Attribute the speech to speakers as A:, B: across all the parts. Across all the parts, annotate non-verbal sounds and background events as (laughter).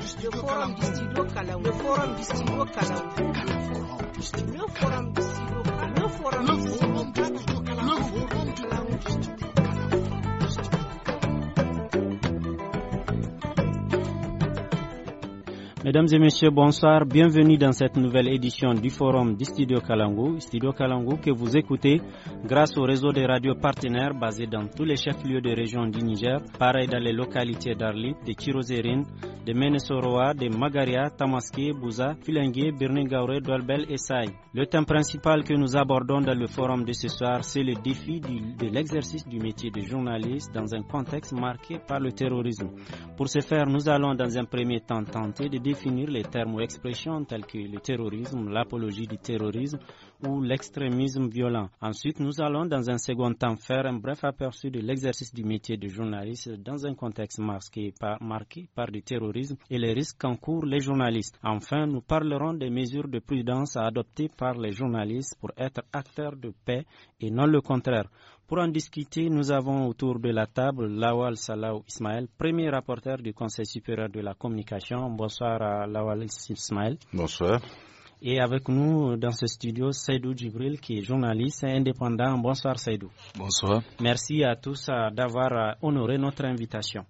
A: le forum du forum, Kalam, le forum du forum, Kalam, le forum du forum, Kalam, le forum du studio Kalam, le forum du studio Kalam, Mesdames et messieurs, bonsoir. Bienvenue dans cette nouvelle édition du forum du Studio Kalangou. Studio Kalangou que vous écoutez grâce au réseau des radios partenaires basés dans tous les chefs-lieux de région du Niger, pareil dans les localités d'Arlit, de Kirozérine, de Menesoroa, de Magaria, Tamaské, Bouza, Filengue, Birningaure, Dolbel et Saï. Le thème principal que nous abordons dans le forum de ce soir, c'est le défi de l'exercice du métier de journaliste dans un contexte marqué par le terrorisme. Pour ce faire, nous allons dans un premier temps tenter de finir les termes ou expressions tels que le terrorisme, l'apologie du terrorisme, ou l'extrémisme violent. Ensuite, nous allons dans un second temps faire un bref aperçu de l'exercice du métier de journaliste dans un contexte marqué par, marqué par du terrorisme et les risques qu'encourent les journalistes. Enfin, nous parlerons des mesures de prudence à adopter par les journalistes pour être acteurs de paix et non le contraire. Pour en discuter, nous avons autour de la table Lawal Salaou Ismaël, premier rapporteur du Conseil supérieur de la communication. Bonsoir à Lawal Ismaël. Bonsoir. Et avec nous dans ce studio, Seydou Djibril, qui est journaliste et indépendant. Bonsoir Seydou. Bonsoir. Merci à tous euh, d'avoir euh, honoré notre invitation.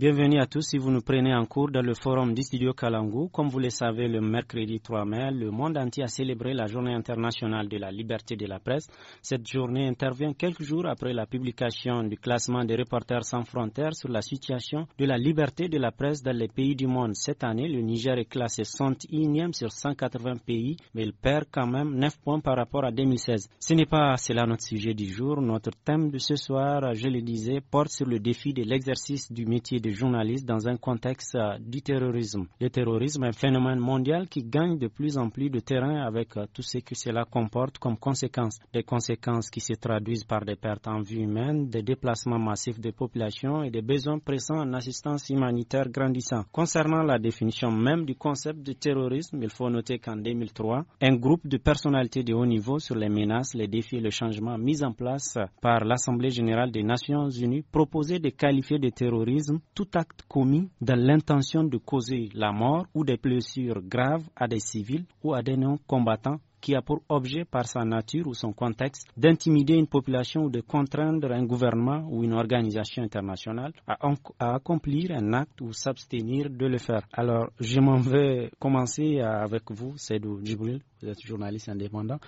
A: Bienvenue à tous si vous nous prenez en cours dans le forum du studio Kalangou. Comme vous le savez, le mercredi 3 mai, le monde entier a célébré la Journée internationale de la liberté de la presse. Cette journée intervient quelques jours après la publication du classement des reporters sans frontières sur la situation de la liberté de la presse dans les pays du monde. Cette année, le Niger est classé 101e sur 180 pays, mais il perd quand même 9 points par rapport à 2016. Ce n'est pas cela notre sujet du jour. Notre thème de ce soir, je le disais, porte sur le défi de l'exercice du métier de journaliste journalistes dans un contexte euh, du terrorisme. Le terrorisme est un phénomène mondial qui gagne de plus en plus de terrain avec euh, tout ce que cela comporte comme conséquences. Des conséquences qui se traduisent par des pertes en vie humaine, des déplacements massifs des populations et des besoins pressants en assistance humanitaire grandissant. Concernant la définition même du concept de terrorisme, il faut noter qu'en 2003, un groupe de personnalités de haut niveau sur les menaces, les défis et le changement mis en place par l'Assemblée générale des Nations unies proposait de qualifier de terrorisme tout acte commis dans l'intention de causer la mort ou des blessures graves à des civils ou à des non-combattants qui a pour objet par sa nature ou son contexte d'intimider une population ou de contraindre un gouvernement ou une organisation internationale à, accomplir un acte ou s'abstenir de le faire. Alors, je m'en vais commencer avec vous, Seydou Djibril, vous êtes journaliste indépendant.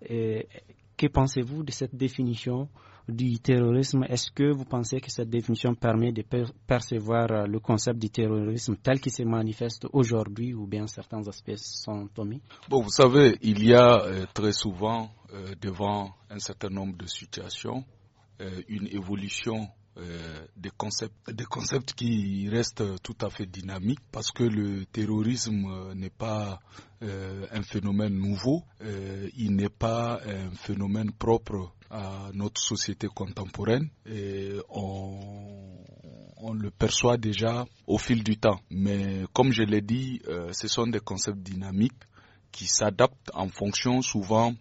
A: que pensez-vous de cette définition du terrorisme, est-ce que vous pensez que cette définition permet de percevoir euh, le concept du terrorisme tel qu'il se manifeste aujourd'hui ou bien certains aspects sont omis
B: Bon, vous savez, il y a euh, très souvent euh, devant un certain nombre de situations une évolution des concepts, des concepts qui restent tout à fait dynamiques parce que le terrorisme n'est pas un phénomène nouveau, il n'est pas un phénomène propre à notre société contemporaine et on, on, le perçoit déjà au fil du temps. Mais comme je l'ai dit, euh, ce sont des concepts dynamiques qui s'adaptent en fonction souvent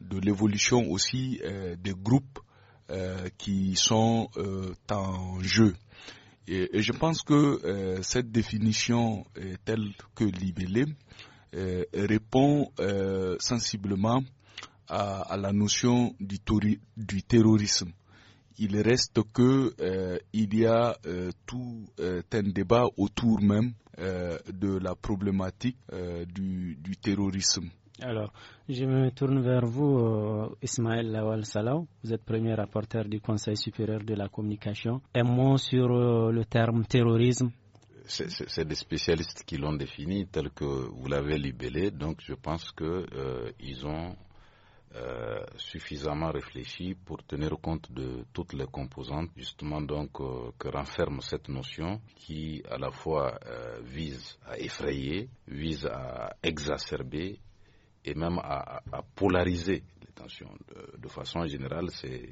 B: de l'évolution aussi euh, des groupes euh, qui sont en jeu. Et, et, je pense que cette définition telle que libellée répond sensiblement à, la notion du, terrorisme. Il reste que euh, il y a euh, tout euh, un débat autour même de la problématique du, terrorisme.
A: Alors, je me tourne vers vous, Ismaël Lawal Salaw. Vous êtes premier rapporteur du Conseil supérieur de la communication. Un mot sur le terme terrorisme c'est
C: des spécialistes qui l'ont défini tel que vous l'avez libellé, donc je pense qu'ils ont euh, suffisamment réfléchi pour tenir compte de toutes les composantes justement donc euh, que renferme cette notion qui à la fois euh, vise à effrayer, vise à exacerber et même à, polariser les tensions. De, façon générale, c'est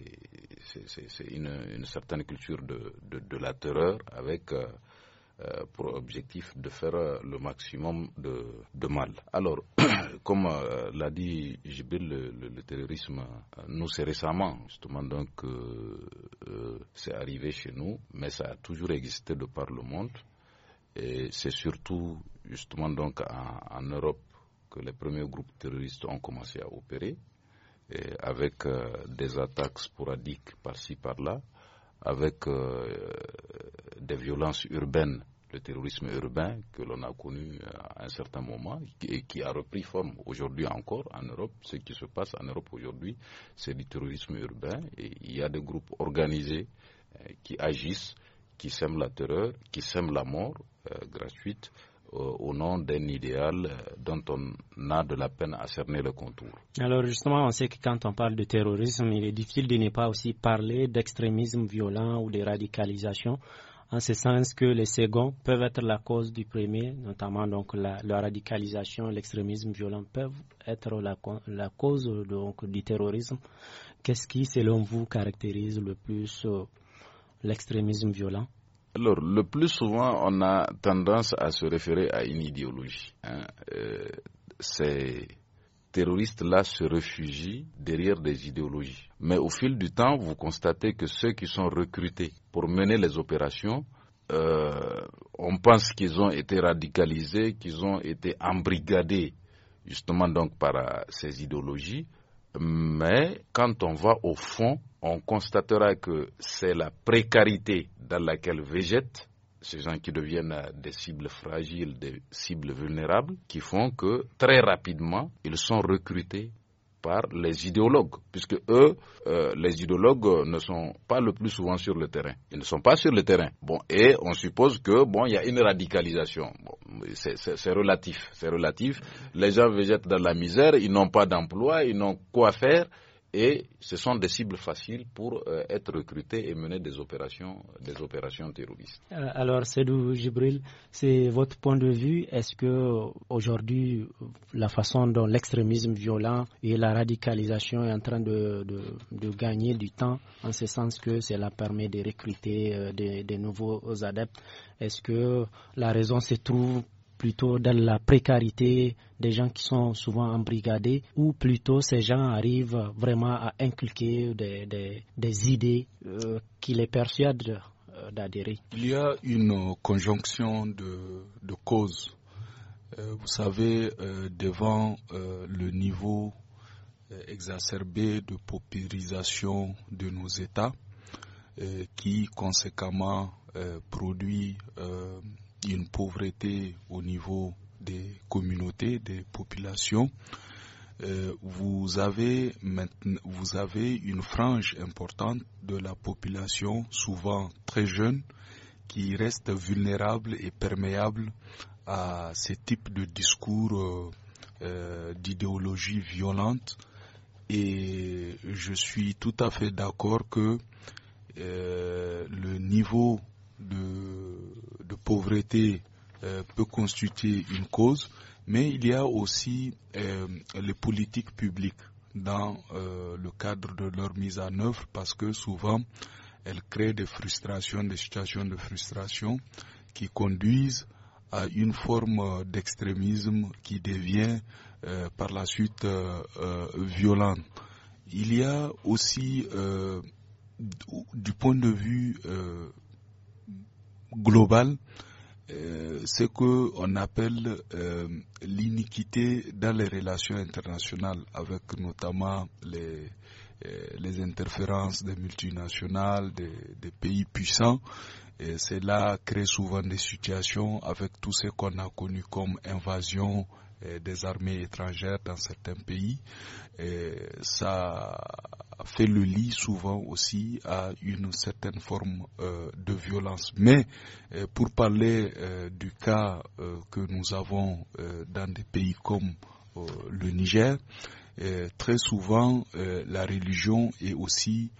C: une, une certaine culture de, de la terreur avec euh, pour objectif de faire euh, le maximum de, mal. Alors, (coughs) comme euh, l'a dit Jibril, le, terrorisme, nous, c'est récemment, justement, donc, c'est arrivé chez nous, mais ça a toujours existé de par le monde. Et c'est surtout, justement, donc, en, Europe que les premiers groupes terroristes ont commencé à opérer, avec des attaques sporadiques par-ci, par-là avec euh, euh, des violences urbaines le terrorisme urbain que l'on a connu à un certain moment et qui a repris forme aujourd'hui encore en Europe. Ce qui se passe en Europe aujourd'hui, c'est du terrorisme urbain et il y a des groupes organisés euh, qui agissent, qui sèment la terreur, qui sèment la mort gratuite euh, au nom d'un idéal euh, dont on a de la peine à cerner le contour.
A: Alors justement, on sait que quand on parle de terrorisme, il est difficile de ne pas aussi parler d'extrémisme violent ou de radicalisation, en ce sens que les seconds peuvent être la cause du premier, notamment donc la, radicalisation, l'extrémisme violent peuvent être la, cause donc du terrorisme. Qu'est-ce qui, selon vous, caractérise le plus euh, l'extrémisme violent
C: alors, le plus souvent, on a tendance à se référer à une idéologie. Hein. Euh, ces terroristes-là se réfugient derrière des idéologies. Mais au fil du temps, vous constatez que ceux qui sont recrutés pour mener les opérations, euh, on pense qu'ils ont été radicalisés, qu'ils ont été embrigadés justement donc par euh, ces idéologies. Mais quand on va au fond, on constatera que c'est la précarité dans laquelle végètent ces gens qui deviennent euh, des cibles fragiles, des cibles vulnérables, qui font que très rapidement, ils sont recrutés par les idéologues, puisque eux, euh, les idéologues euh, ne sont pas le plus souvent sur le terrain. Ils ne sont pas sur le terrain. Bon, et on suppose que bon, il y a une radicalisation. c'est relatif, c'est relatif. Les gens végètent dans la misère, ils n'ont pas d'emploi, ils n'ont quoi faire et ce sont des cibles faciles pour euh, être recrutés et mener des opérations, des opérations terroristes.
A: Euh, alors, Sedou Gibril, c'est votre point de vue. Est-ce que aujourd'hui, la façon dont l'extrémisme violent et la radicalisation est en train de, gagner du temps, en ce sens que cela permet de recruter euh, des, nouveaux adeptes, est-ce que la raison se trouve plutôt dans la précarité, des gens qui sont souvent embrigadés, ou plutôt ces gens arrivent vraiment à inculquer des, idées euh, qui les persuadent euh, d'adhérer.
B: Il y a une euh, conjonction de, causes. vous savez, devant le niveau exacerbé de paupérisation de nos États, qui conséquemment produit une pauvreté au niveau des communautés, des populations. Euh, vous, avez maintenant, vous avez une frange importante de la population, souvent très jeune, qui reste vulnérable et perméable à ce type de discours euh, euh, d'idéologie violente. Et je suis tout à fait d'accord que le niveau de, pauvreté euh, peut constituer une cause, mais il y a aussi euh, les politiques publiques dans euh, le cadre de leur mise en œuvre parce que souvent elles créent des frustrations, des situations de frustration qui conduisent à une forme d'extrémisme qui devient par la suite violente. Il y a aussi, du point de vue global euh, ce qu'on appelle euh, l'iniquité dans les relations internationales, avec notamment les, euh, les interférences des multinationales, des, des pays puissants. Et cela crée souvent des situations avec tout ce qu'on a connu comme invasion des armées étrangères dans certains pays. ça fait le lit souvent aussi à une certaine forme euh, de violence. Mais euh, pour parler euh, du cas que nous avons dans des pays comme le Niger, très souvent la religion est aussi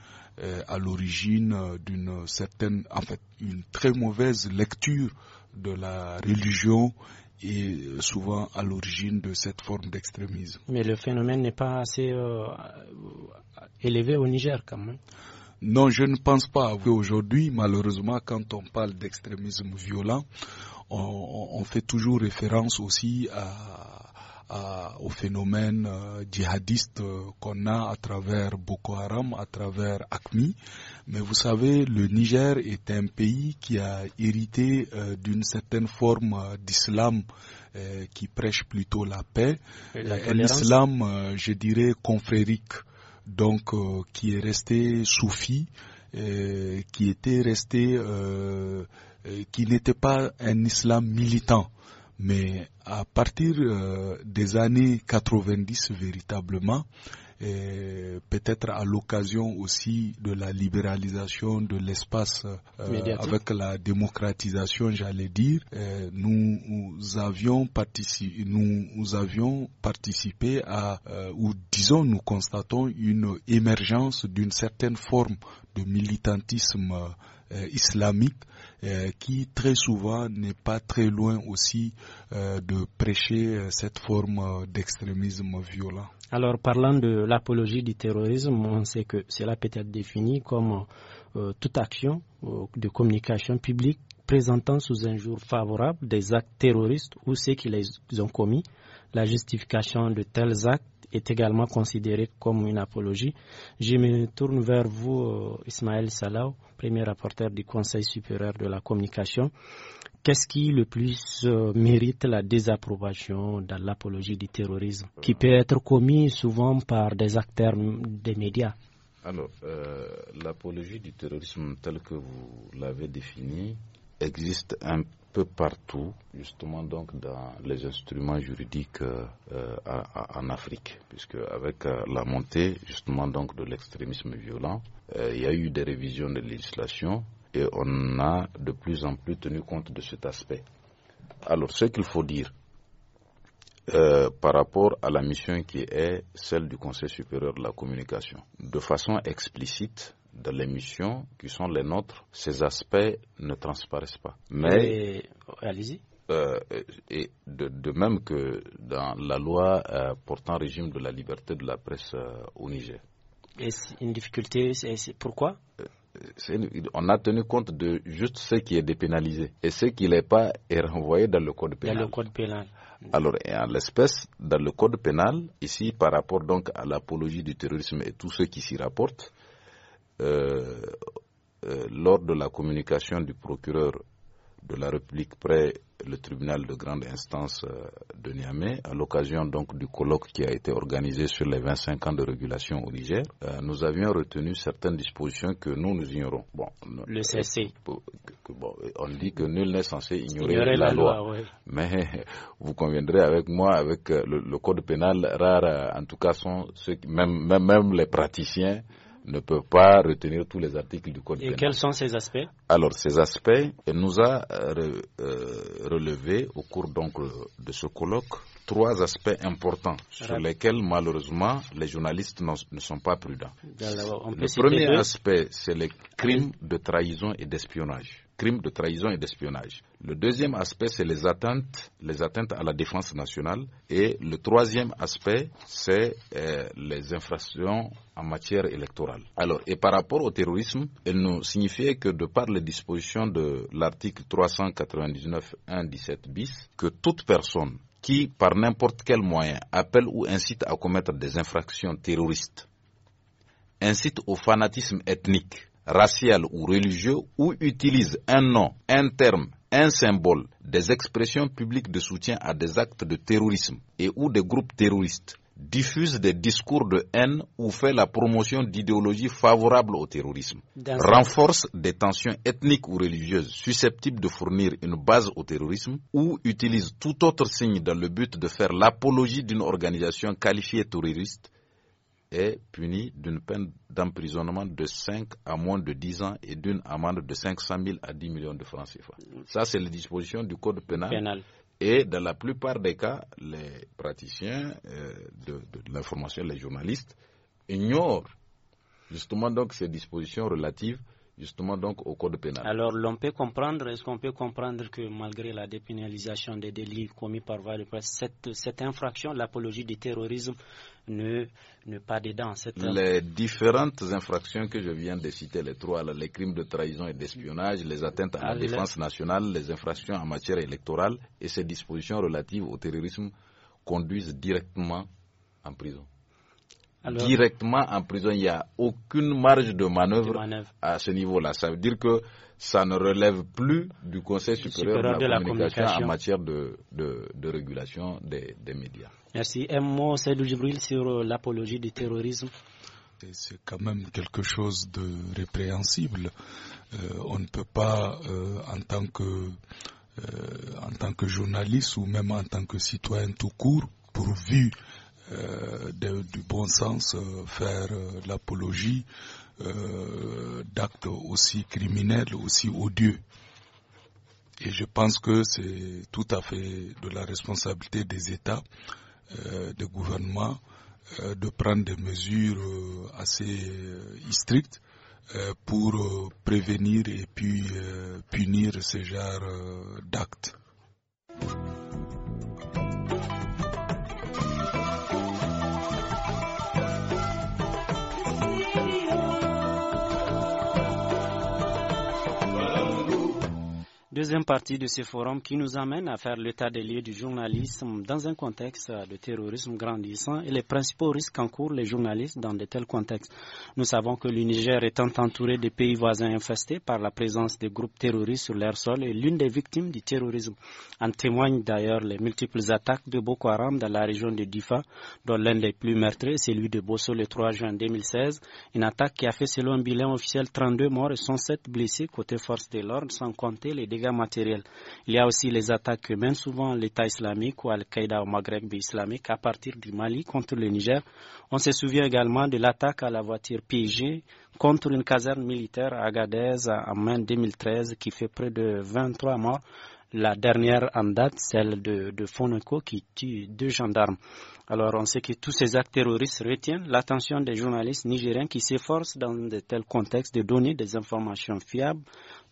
B: à l'origine d'une certaine, en fait, une très mauvaise lecture de la religion et euh, souvent à l'origine de cette forme d'extrémisme.
A: Mais le phénomène n'est pas assez euh, élevé au Niger quand même.
B: Non, je ne pense pas. Aujourd'hui, malheureusement, quand on parle d'extrémisme violent, on, fait toujours référence aussi à, euh, au phénomène euh, djihadiste euh, qu'on a à travers Boko Haram, à travers ACMI. Mais vous savez, le Niger est un pays qui a hérité d'une certaine forme d'islam qui prêche plutôt la paix, un islam, je dirais, confrérique, donc qui est resté soufi, qui était resté qui n'était pas un islam militant mais à partir euh, des années 90 véritablement, peut-être à l'occasion aussi de la libéralisation de l'espace euh, avec la démocratisation, j'allais dire, euh, nous, avions participé, nous, avions participé à, euh, ou disons, nous constatons une émergence d'une certaine forme de militantisme islamique qui très souvent n'est pas très loin aussi de prêcher cette forme d'extrémisme violent.
A: Alors, parlant de l'apologie du terrorisme, on sait que cela peut être défini comme euh, toute action euh, de communication publique présentant sous un jour favorable des actes terroristes ou ceux qui les ont commis. La justification de tels actes est également considérée comme une apologie. Je me tourne vers vous, euh, Ismaël Salaw, premier rapporteur du Conseil supérieur de la communication. Qu'est-ce qui le plus euh, mérite la désapprobation dans l'apologie du terrorisme, qui euh. peut être commis souvent par des acteurs des médias Alors, euh, l'apologie du terrorisme telle que vous l'avez
C: définie existe un peu partout, justement donc dans les instruments juridiques en Afrique, puisque avec la montée justement donc de l'extrémisme violent, il y a eu des révisions de législation et on a de plus en plus tenu compte de cet aspect. Alors, ce qu'il faut dire euh, par rapport à la mission qui est celle du Conseil supérieur de la communication, de façon explicite, dans les missions qui sont les nôtres, ces aspects ne transparaissent pas. Mais, allez-y. Euh, et de, même que dans la loi euh, portant régime de la liberté de la presse au Niger.
A: Est-ce une difficulté, c'est pourquoi
C: on a tenu compte de juste ce qui est dépénalisé. Et ce qui n'est pas renvoyé dans le code pénal. Dans
A: le code pénal.
C: Alors, et en l'espèce, dans le code pénal, ici, par rapport donc à l'apologie du terrorisme et tout ce qui s'y rapporte, euh, euh, lors de la communication du procureur de la République près le tribunal de grande instance euh, de Niamey, à l'occasion donc du colloque qui a été organisé sur les 25 ans de régulation au Niger, euh, nous avions retenu certaines dispositions que nous nous ignorons. Bon,
A: le CC.
C: on dit que nul n'est censé ignorer, la, loi, mais (laughs) vous conviendrez avec moi, avec euh, le, code pénal, rare en tout cas sont ceux qui, même, même les praticiens ne peut pas retenir tous les articles du
A: Code Et pénal. Et quels sont ces aspects
C: Alors, ces aspects, elle nous a euh, euh, relevé au cours donc euh, de ce colloque trois aspects importants sur lesquels malheureusement les journalistes ne sont pas prudents.
A: Le premier
C: aspect, c'est les crimes de trahison et d'espionnage crimes de trahison et d'espionnage. Le deuxième aspect, c'est les atteintes, les à la défense nationale. Et le troisième aspect, c'est euh, les infractions en matière électorale. Alors, et par rapport au terrorisme, il nous signifiait que de par les dispositions de l'article 399.1.17 bis, que toute personne qui, par n'importe quel moyen, appelle ou incite à commettre des infractions terroristes, incite au fanatisme ethnique, racial ou religieux ou utilise un nom, un terme, un symbole, des expressions publiques de soutien à des actes de terrorisme et ou des groupes terroristes, diffuse des discours de haine ou fait la promotion d'idéologies favorables au terrorisme, renforce des tensions ethniques ou religieuses susceptibles de fournir une base au terrorisme ou utilise tout autre signe dans le but de faire l'apologie d'une organisation qualifiée terroriste est puni d'une peine d'emprisonnement de 5 à moins de 10 ans et d'une amende de 500 000 à 10 millions de francs CFA. Ça, c'est la disposition du Code pénal. Et dans la plupart des cas, les praticiens euh, de, l'information, les journalistes, ignorent justement donc ces dispositions relatives justement donc au code pénal. Alors
A: l'on peut comprendre, est-ce qu'on peut comprendre que malgré la dépénalisation des délits commis par voie de presse, cette, infraction, l'apologie du terrorisme, ne, ne pas dedans Les
C: différentes infractions que je viens de citer, les trois, les crimes de trahison et d'espionnage, les atteintes à, la ah, défense nationale, les infractions en matière électorale et ces dispositions relatives au terrorisme conduisent directement en prison directement en prison. Il n'y a aucune marge de manœuvre, à ce niveau-là. Ça veut dire que ça ne relève plus du Conseil supérieur, de, la, communication en matière de, de régulation des, médias.
A: Merci. Un mot, Saïdou Djibril, sur euh, l'apologie du terrorisme.
B: C'est quand même quelque chose de répréhensible. Euh, on ne peut pas, euh, en tant que en tant que journaliste ou même en tant que citoyen tout court, pourvu euh, du bon sens, euh, faire euh, l'apologie d'actes aussi criminels, aussi odieux. Et je pense que c'est tout à fait de la responsabilité des États, des gouvernements, de prendre des mesures assez strictes pour prévenir et puis punir ce genre d'actes.
A: Deuxième partie de ce forum qui nous amène à faire l'état des lieux du journalisme dans un contexte de terrorisme grandissant et les principaux risques qu'encourent les journalistes dans de tels contextes. Nous savons que le Niger étant entouré de pays voisins infestés par la présence de groupes terroristes sur leur sol et l'une des victimes du terrorisme. En témoigne d'ailleurs les multiples attaques de Boko Haram dans la région de Difa, dont l'un des plus meurtriers, celui de Bosso le 3 juin 2016, une attaque qui a fait selon un bilan officiel 32 morts et 107 blessés côté forces de l'ordre, sans compter les dégâts matériel. Il y a aussi les attaques que mène souvent l'État islamique ou Al-Qaïda au Maghreb islamique à partir du Mali contre le Niger. On se souvient également de l'attaque à la voiture PIG contre une caserne militaire à Agadez en mai 2013 qui fait près de 23 morts. La dernière en date, celle de, de qui tue deux gendarmes. Alors on sait que tous ces actes terroristes retiennent l'attention des journalistes nigériens qui s'efforcent dans de tels contextes de donner des informations fiables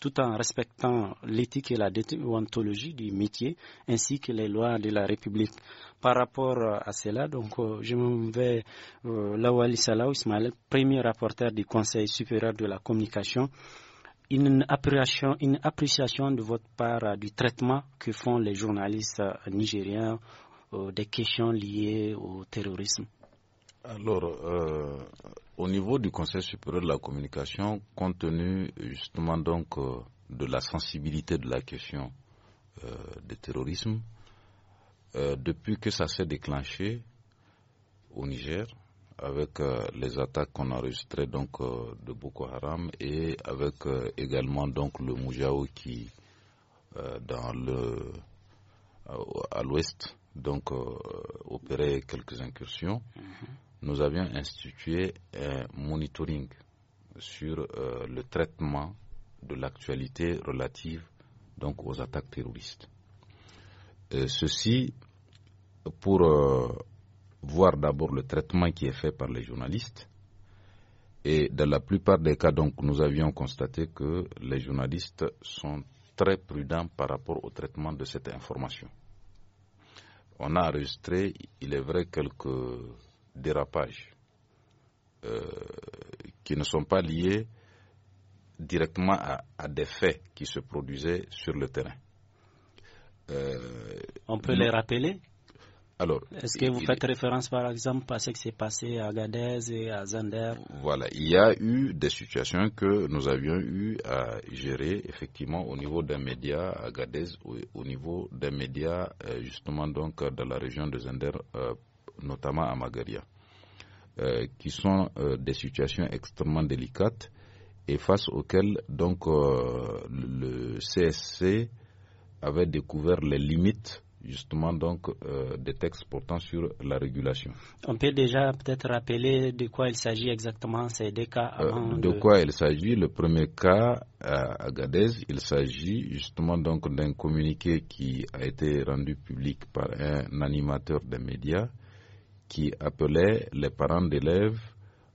A: tout en respectant l'éthique et la déontologie du métier ainsi que les lois de la République. Par rapport euh, à cela, donc, euh, je me vais euh, Lawali Salaou premier rapporteur du Conseil supérieur de la communication. Une appréciation, une appréciation de votre part euh, du traitement que font les journalistes nigériens des questions liées au terrorisme. Alors,
C: au niveau du Conseil supérieur de la communication, compte tenu euh, justement donc euh, de la sensibilité de la question euh, du terrorisme, depuis que ça s'est déclenché au Niger, avec les attaques qu'on a enregistrées donc de Boko Haram et avec également donc le Moujaou qui à l'ouest donc opérait quelques incursions. Mhm nous avions institué un euh, monitoring sur euh, le traitement de l'actualité relative donc aux attaques terroristes. Euh, ceci pour voir d'abord le traitement qui est fait par les journalistes. Et dans la plupart des cas, donc, nous avions constaté que les journalistes sont très prudents par rapport au traitement de cette information. On a enregistré, il est vrai, quelques dérapages euh, qui ne sont pas liés directement à, des faits qui se produisaient sur le terrain.
A: Euh, On peut les rappeler alors, est-ce que vous faites référence par exemple à ce qui s'est passé à Gadez et à Zander
C: Voilà, il y a eu des situations que nous avions eu à gérer effectivement au niveau des médias à Gadez, au, au niveau des médias euh, justement donc dans la région de Zander notamment à Magaria, euh, qui sont euh, des situations extrêmement délicates et face auxquelles euh, le CSC avait découvert les limites justement donc des textes portant sur la régulation.
A: On peut déjà peut-être rappeler de quoi il s'agit exactement ces deux cas avant de,
C: quoi il s'agit Le premier cas à Gadez, il s'agit justement donc d'un communiqué qui a été rendu public par un animateur des médias qui appelait les parents d'élèves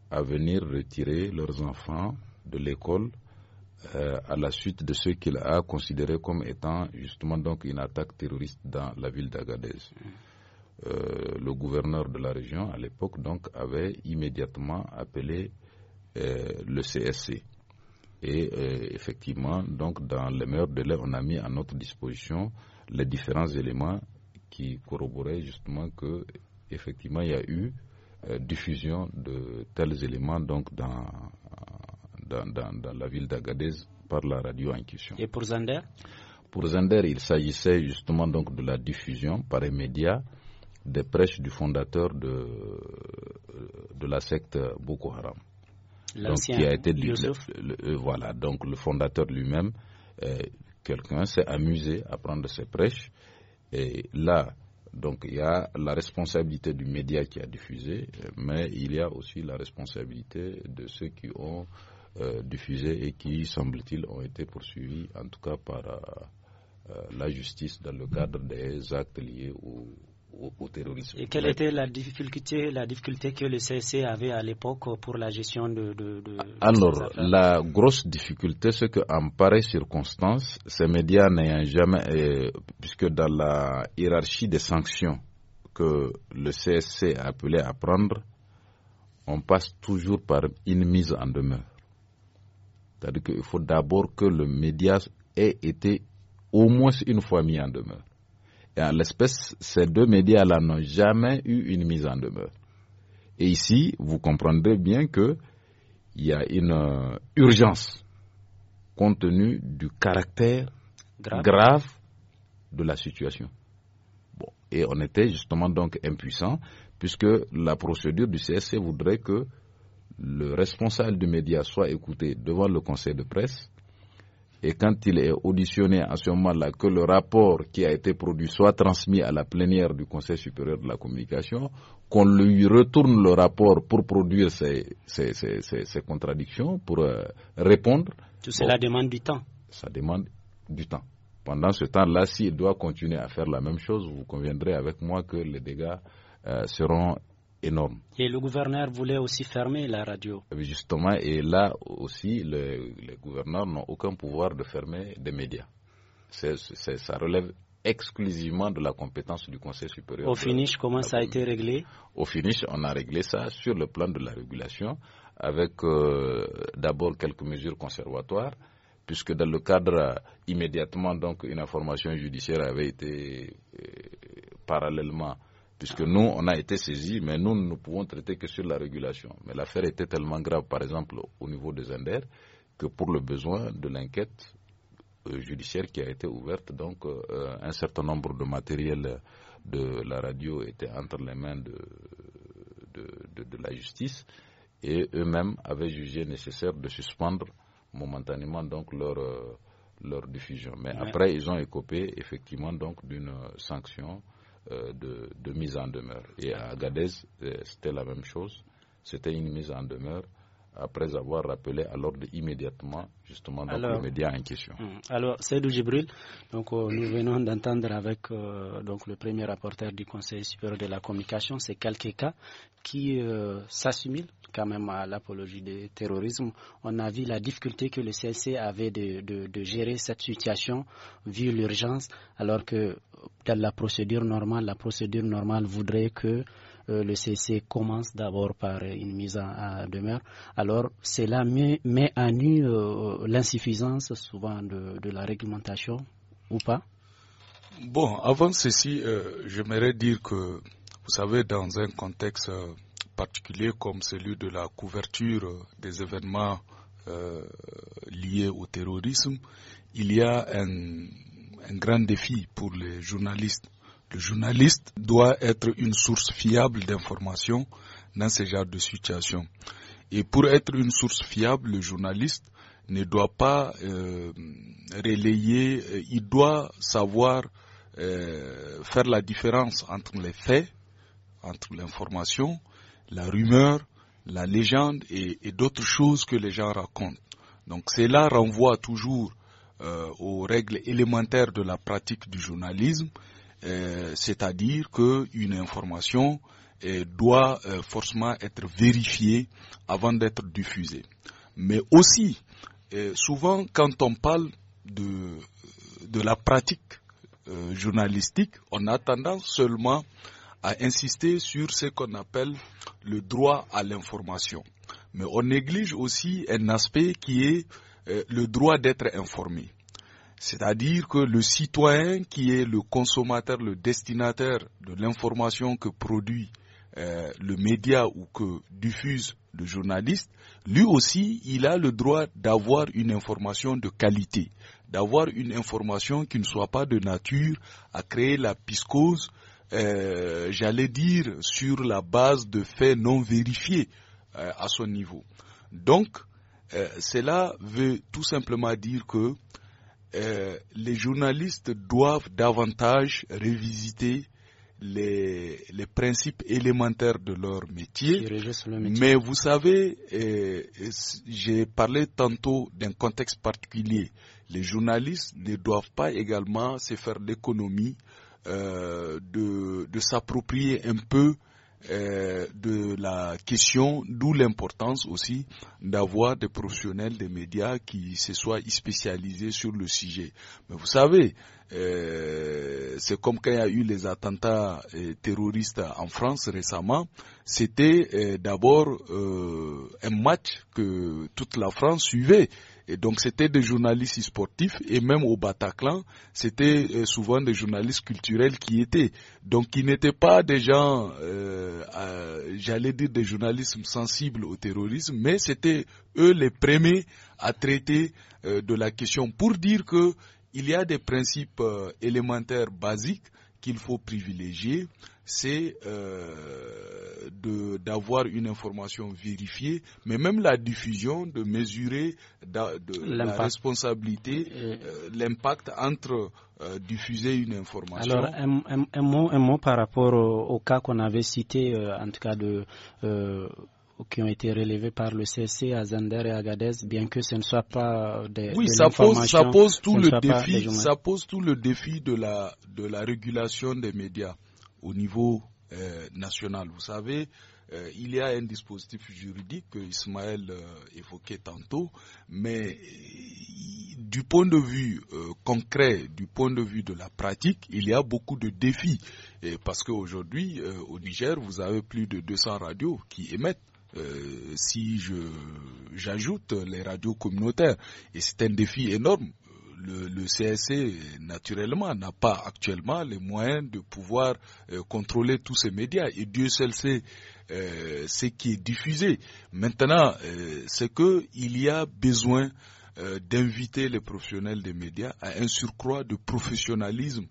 C: à venir retirer leurs enfants de l'école euh, à la suite de ce qu'il a considéré comme étant justement donc une attaque terroriste dans la ville d'Agadez. Mmh. Euh, le gouverneur de la région à l'époque donc avait immédiatement appelé euh, le CSC. Et effectivement, donc dans les meilleurs délais, on a mis à notre disposition les différents éléments qui corroboraient justement que effectivement, il y a eu euh, diffusion de tels éléments donc dans, dans, dans, la ville d'Agadez par la radio en question. Et pour Zander Pour Zander, il s'agissait justement donc de la diffusion par les médias des prêches du fondateur de, de la secte Boko Haram. Donc, qui a été le, voilà, donc le fondateur lui-même, euh, quelqu'un s'est amusé à prendre ses prêches et là, donc il y a la responsabilité du média qui a diffusé, euh, mais il y a aussi la responsabilité de ceux qui ont euh, diffusé et qui, semble-t-il, ont été poursuivis, en tout cas par euh, la justice dans le cadre des actes liés au,
A: et quelle était la difficulté, la difficulté que le CSC avait à l'époque pour la gestion de...
C: Alors, la grosse difficulté, c'est qu'en pareille circonstance, ces médias n'ayant jamais... Euh, puisque dans la hiérarchie des sanctions que le CSC appelait à prendre, on passe toujours par une mise en demeure. C'est-à-dire qu'il faut d'abord que le média ait été au moins une fois mis en demeure. Et en l'espèce, ces deux médias-là n'ont jamais eu une mise en demeure. Et ici, vous comprendrez bien qu'il y a une euh, urgence compte tenu du caractère
A: grave,
C: de la situation. Et on était justement donc impuissant, puisque la procédure du CSC voudrait que le responsable du média soit écouté devant le conseil de presse, et quand il est auditionné à ce moment-là, que le rapport qui a été produit soit transmis à la plénière du Conseil supérieur de la communication, qu'on lui retourne le rapport pour produire ses, contradictions, pour euh, répondre.
A: Tout cela demande du temps. Ça
C: demande du temps. Pendant ce temps-là, s'il doit continuer à faire la même chose, vous conviendrez avec moi que les dégâts euh, seront énorme.
A: Et le gouverneur voulait aussi fermer la radio.
C: Justement, et là aussi, le, les gouverneurs n'ont aucun pouvoir de fermer des médias. ça relève exclusivement de la compétence du Conseil supérieur. Au finish, comment ça a été réglé Au finish, on a réglé ça sur le plan de la régulation avec euh, d'abord quelques mesures conservatoires, puisque dans le cadre immédiatement, donc, une information judiciaire avait été euh, parallèlement Puisque nous, on a été saisis, mais nous, nous ne pouvons traiter que sur la régulation. Mais l'affaire était tellement grave, par exemple, au niveau des Inders, que pour le besoin de l'enquête euh, judiciaire qui a été ouverte, donc euh, euh, un certain nombre de matériels de la radio étaient entre les mains de, la justice et eux-mêmes avaient jugé nécessaire de suspendre momentanément donc leur, leur diffusion. Mais après, ils ont écopé effectivement donc d'une sanction euh, de, mise en demeure. Et à Agadez, euh, c'était la même chose. C'était une mise en demeure après avoir rappelé à l'ordre immédiatement justement donc, le média en question.
A: Hum, alors, c'est Djibril, donc, euh, nous venons d'entendre avec euh, le premier rapporteur du Conseil supérieur de la communication, c'est quelques cas qui euh, s'assimile quand même à l'apologie du terrorisme. On a vu la difficulté que le CNC avait de, de gérer cette situation vu l'urgence, alors que dans la procédure normale, la procédure normale voudrait que euh, le CC commence d'abord par une mise à demeure, alors cela met, en à nu euh, l'insuffisance souvent de, la réglementation ou pas
B: Bon, avant ceci, euh, j'aimerais dire que, vous savez, dans un contexte particulier comme celui de la couverture des événements liés au terrorisme, il y a un grand défi pour les journalistes le journaliste doit être une source fiable d'informations dans ce genre de situation. Et pour être une source fiable, le journaliste ne doit pas euh, relayer, euh, il doit savoir euh, faire la différence entre les faits, entre l'information, la rumeur, la légende et, d'autres choses que les gens racontent. Donc cela renvoie toujours aux règles élémentaires de la pratique du journalisme euh, c'est-à-dire qu'une information euh, doit euh, forcément être vérifiée avant d'être diffusée. Mais aussi, souvent quand on parle de, de la pratique journalistique, on a tendance seulement à insister sur ce qu'on appelle le droit à l'information. Mais on néglige aussi un aspect qui est le droit d'être informé. C'est-à-dire que le citoyen qui est le consommateur, le destinataire de l'information que produit euh, le média ou que diffuse le journaliste, lui aussi, il a le droit d'avoir une information de qualité, d'avoir une information qui ne soit pas de nature à créer la piscose, euh, j'allais dire, sur la base de faits non vérifiés euh, à son niveau. Donc, cela veut tout simplement dire que euh, les journalistes doivent davantage révisiter les, principes élémentaires de leur métier. Mais vous savez, euh, j'ai parlé tantôt d'un contexte particulier. Les journalistes ne doivent pas également se faire l'économie euh, de s'approprier un peu euh, de la question, d'où l'importance aussi d'avoir des professionnels des médias qui se soient spécialisés sur le sujet. Mais vous savez, euh, c'est comme quand il y a eu les attentats euh, terroristes en France récemment, c'était d'abord un match que toute la France suivait. Et donc c'était des journalistes sportifs et même au Bataclan, c'était euh, souvent des journalistes culturels qui étaient. Donc qui n'étaient pas des gens, euh, euh, j'allais dire des journalistes sensibles au terrorisme, mais c'était eux les premiers à traiter de la question pour dire qu'il y a des principes élémentaires basiques qu'il faut privilégier, c'est euh, d'avoir une information vérifiée, mais même la diffusion, de mesurer de, la responsabilité, euh, l'impact entre euh, diffuser une information. Alors,
A: un, mot, un mot par rapport au cas qu'on avait cité, en tout cas de qui ont été relevés par le CC à Zander et Agadez, bien que ce ne soit pas des. Oui, ça, pose, ça pose tout le défi. Ça
B: pose tout le défi de la de la régulation des médias au niveau euh, national. Vous savez, euh, il y a un dispositif juridique que Ismaël euh, évoquait tantôt, mais du point de vue concret, du point de vue de la pratique, il y a beaucoup de défis. Et parce qu'aujourd'hui, au Niger, vous avez plus de 200 radios qui émettent. Euh, si j'ajoute les radios communautaires, et c'est un défi énorme. Le, CSC, naturellement, n'a pas actuellement les moyens de pouvoir euh, contrôler tous ces médias. Et Dieu seul sait euh, ce qui est diffusé. Maintenant, c'est qu'il y a besoin d'inviter les professionnels des médias à un surcroît de professionnalisme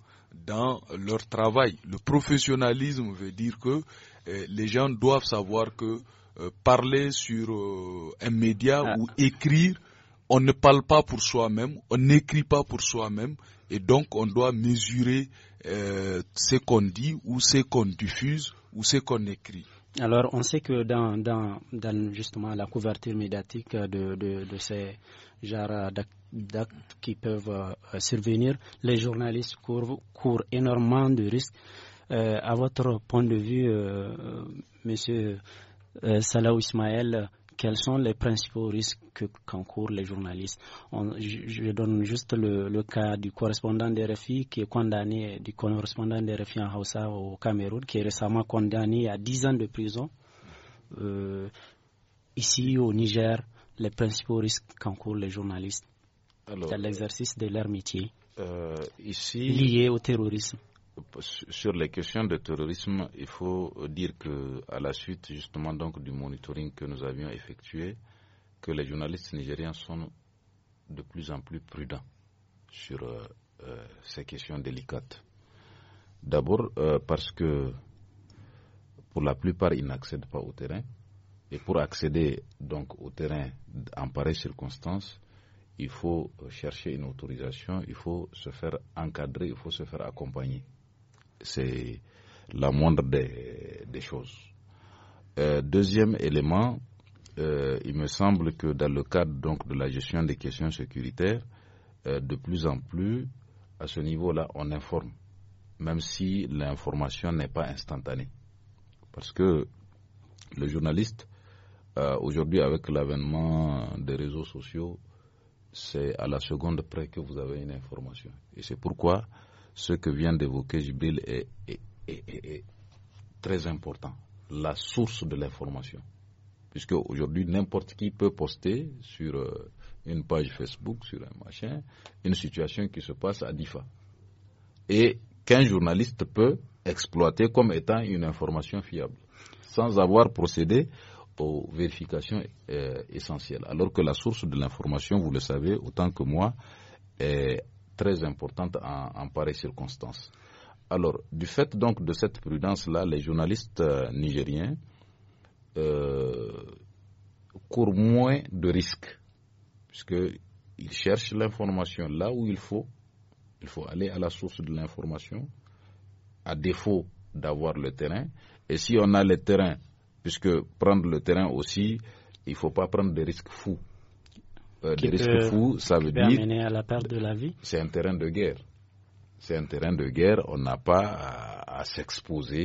B: dans leur travail. Le professionnalisme veut dire que les gens doivent savoir que euh, parler sur euh, un média ah. ou écrire, on ne parle pas pour soi-même, on n'écrit pas pour soi-même, et donc on doit mesurer euh, ce qu'on dit ou ce qu'on diffuse ou ce qu'on écrit.
A: Alors, on sait que dans, justement la couverture médiatique de, ces genres d'actes qui peuvent survenir, les journalistes courent, énormément de risques. Euh, à votre point de vue, Monsieur euh, Salah Ismaël, quels sont les principaux risques que qu'encourent les journalistes je, donne juste le, cas du correspondant des RFI qui est condamné, du correspondant des RFI en Hausa au Cameroun, qui est récemment condamné à 10 ans de prison. Euh, ici au Niger, les principaux risques qu'encourent les journalistes c'est l'exercice de leur métier euh, lié au terrorisme
C: sur les questions de terrorisme, il faut dire que à la suite justement donc du monitoring que nous avions effectué, que les journalistes nigériens sont de plus en plus prudents sur euh, euh, ces questions délicates. D'abord euh, parce que pour la plupart ils n'accèdent pas au terrain et pour accéder donc au terrain en pareille circonstance, il faut chercher une autorisation, il faut se faire encadrer, il faut se faire accompagner. C'est la moindre des, choses. Euh, deuxième élément, euh, il me semble que dans le cadre donc de la gestion des questions sécuritaires, euh, de plus en plus, à ce niveau-là, on informe, même si l'information n'est pas instantanée. Parce que le journaliste, aujourd'hui, avec l'avènement des réseaux sociaux, c'est à la seconde près que vous avez une information. Et c'est pourquoi ce que vient d'évoquer Jibril est, très important. La source de l'information. Puisque aujourd'hui, n'importe qui peut poster sur euh, une page Facebook, sur un machin, une situation qui se passe à DIFA. Et qu'un journaliste peut exploiter comme étant une information fiable, sans avoir procédé aux vérifications euh, essentielles. Alors que la source de l'information, vous le savez autant que moi, est très importante en, en pareille circonstance. Alors, du fait donc de cette prudence-là, les journalistes euh, nigériens euh, courent moins de risques, puisqu'ils cherchent l'information là où il faut. Il faut aller à la source de l'information, à défaut d'avoir le terrain. Et si on a le terrain, puisque prendre le terrain aussi, il ne faut pas prendre des risques fous ça à
A: la perte de la vie. C'est un
C: terrain de guerre. C'est un terrain de guerre. On n'a pas à s'exposer